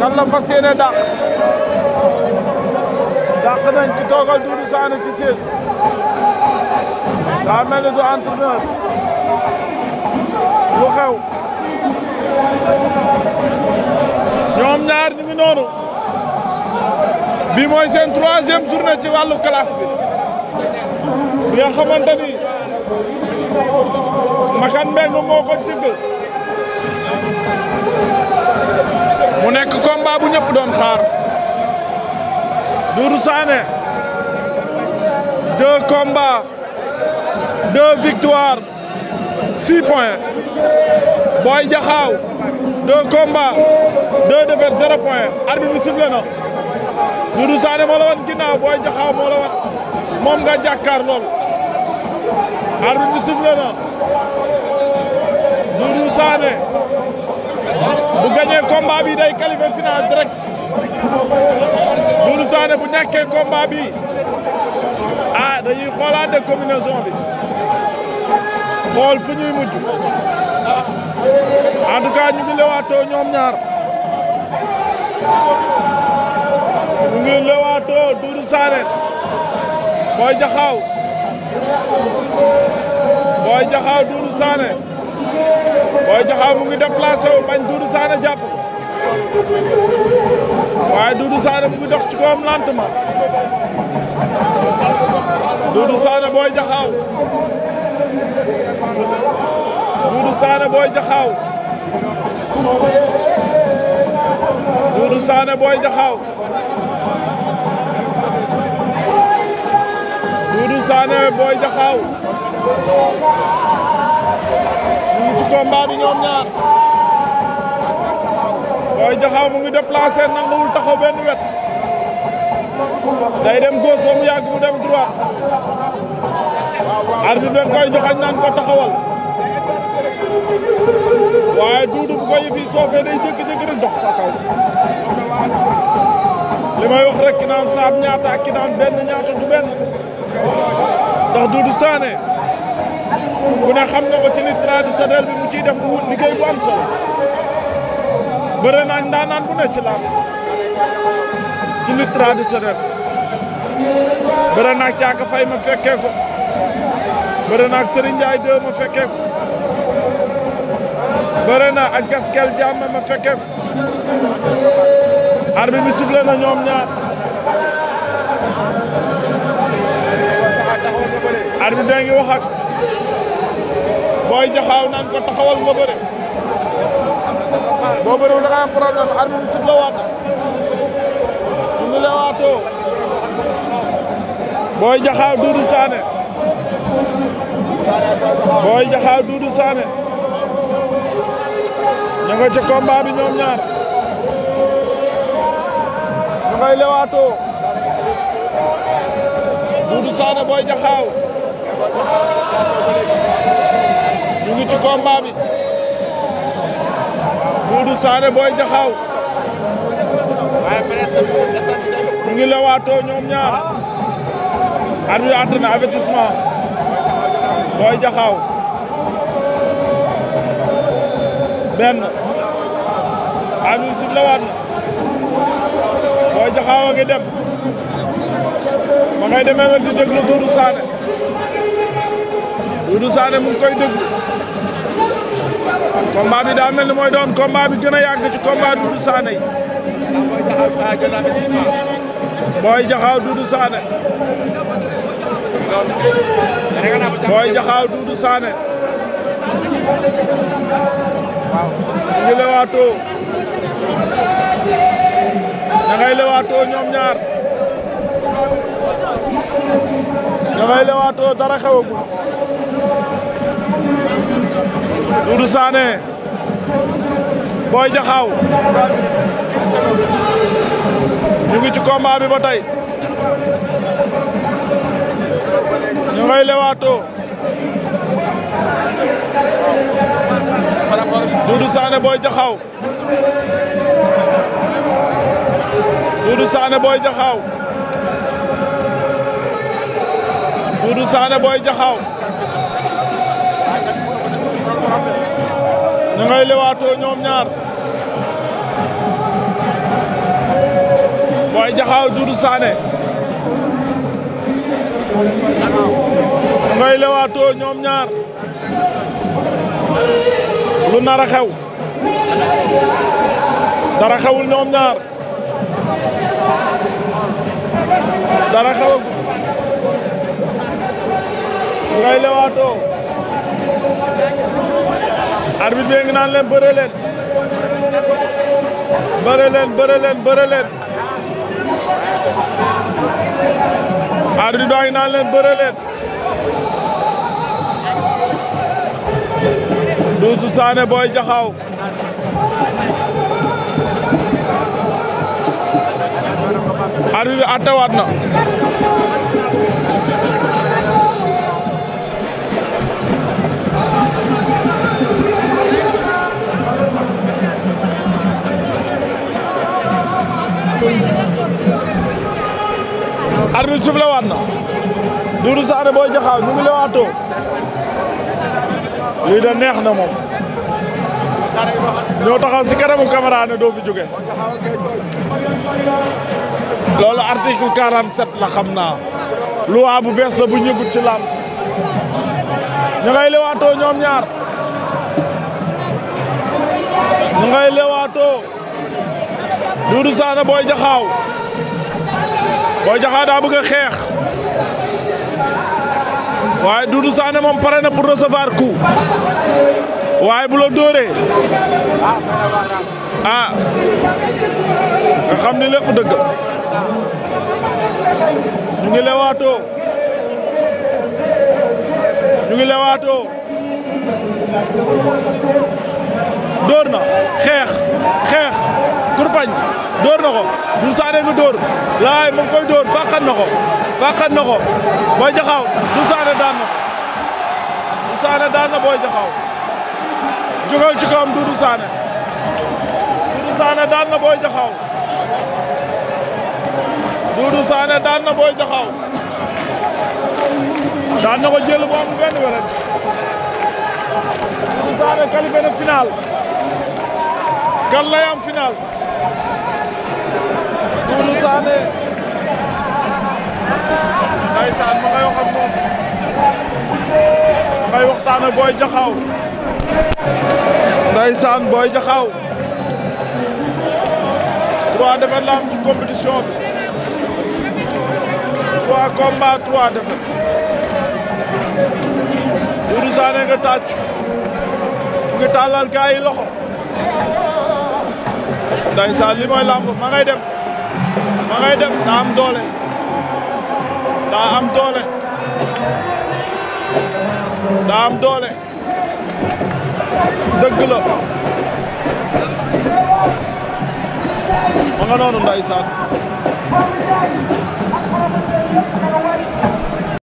kan la fas yéene nañ ci toogal Doudou Sané ci siège daa ni du entraîneur lu xew ñoom ñaar ñu ngi noonu bi mooy seen troisième journée ci wàllu classe bi bi nga xamante ni Makan Mbengue moo mu nekk combat bu ñëpp doon xaar. Doudou Sané deux combats deux victoires six points Boy Diakhao deux combats deux défaites zéro point arbitre bi sifflé na Doudou Sané moo la wan ginnaaw Boy Diakhao moo la wan moom nga jàkkaar lool arbitre bi sifflé na Doudou bu gagné combat bi day qualifié final direct Doudou Sané bu ñàkkee combat bi ah dañuy xoolaat de combinaison bi xool fu ñuy mujj en tout cas ñu ngi lewaatoo ñoom ñaar ñu ngi lewaatoo Doudou Sané Boy Diakhao Boy Diakhao Doudou Sané Boy Jaxaw mu ngi déplacé wu bañ Doudou Sané jàpp ko waaye Doudou Sané mu ngi dox ci kawam lentement Doudou Sané Boy Jaxaw Doudou Sané Boy Jaxaw Doudou Sané Boy Jaxaw Doudou combat bi ñoom dem gauche ba mu yàgg dox sa kaw li may wax rek naan saab ñaata ak ki benn ñaata du benn ndax duudu saane ku ne xam na ko ci lutte traditionnelle bi mu ciy def liggéey bu am solo bëre ndaanaan bu ne ci làmb ci lutte traditionnelle bëre caaka fay ma fekkee ko bëre naa ak Serigne Ndiaye 2 ma fekkee ko bëre naa ak ma fekkee ko arbitre bi sifflé na ñoom ñaar arbitre bi ngi wax booy jaxaaw naan ko taxawal nga bëre boo bëriwul da nga am problème arme bi booy jaxaaw duudu saane booy jaxaaw duudu saane ñu nga ci ñaar ñu ngay lewaatoo duudu saane booy jaxaaw combat bi Doudou Sané Boy Diakhao ñu ngi lewaatoo ñoom ñaar arbitre àtte na avertissement Boy Diakhao benn arbitre sib lewaat na Boy Diakhao a ngi dem ma ngay demee wet di déglu Doudou Doudou Sané mu ngi koy déglu combat bi daa mel ni mooy doon combat bi gën a yàgg ci combat Doudou Sané yi Boy Jaxaaw Doudou Sané Boy Jaxaaw Doudou Sané ñu ngi lewaatoo ña ngay lewaatoo ñoom ñaar ña ngay lewaatoo dara xewagul Doudou Sané Boy Diakhao ñu ngi ci combat bi ba tey ñu ngay lewaatoo Doudou Sané Boy Diakhao Doudou Sané Boy Diakhao Doudou Sané Boy Diakhao ñu ngay lewaatoo ñoom ñaar Boy Jaxaaw Doudou Sané ñu ngay ñoom ñaar lu nara a xew dara xewul ñoom ñaar dara xew ngay lewaatoo arbitre bi ngi naan leen bëre leen bëre leen bëre leen bëre leen arbitre baa ngi naan leen bëre leen Doudou Sané Boy Diakhao arbitre bi attewaat na arbitre sifflé waat na Doudou Sané Boy ñu ngi lewaatoo lii da neex na moom ñoo taxaw si kanamu caméra ne doo fi jóge loolu article 47 la xam naa loi bu bees la bu ñëgut ci làmb ngay lewaatoo ñoom ñaar ñu ngay lewaatoo Doudou Sané Boy Boy Diakhao daa bëgg a xeex waaye Doudou Sané moom pare na pour recevoir coup waaye bu la dóoree ah nga xam ni lépp dëgg ñu ngi lewaatoo ñu ngi lewaatoo dóor na xeex xeex kurpañ dóor na ko Doudou Sané nga dóor laay mu koy dóor fàqat na ko fàqat na ko Boy Jaxaaw daan na Doudou Sané daan na Boy Jaxaaw jógal ci kawam Doudou Sané Doudou Sané du na Boy daan na Boy Jaxaaw daan na ko jël bu amul benn wérén Doudou Sané qualifié na final lay am final Doudou Sané ndeysaan ma ngay wax ak moom ma ngay waxtaan ak Boy Diakhao ndeysaan Boy Diakhao trois défaites la am bi trois combats trois défaites Doudou Sané nga tàcc mu ngi tàllal loxo ndeysaan li mooy làmb ma ngay dem ma ngay dem daa am doole daa am doole daa am doole dëgg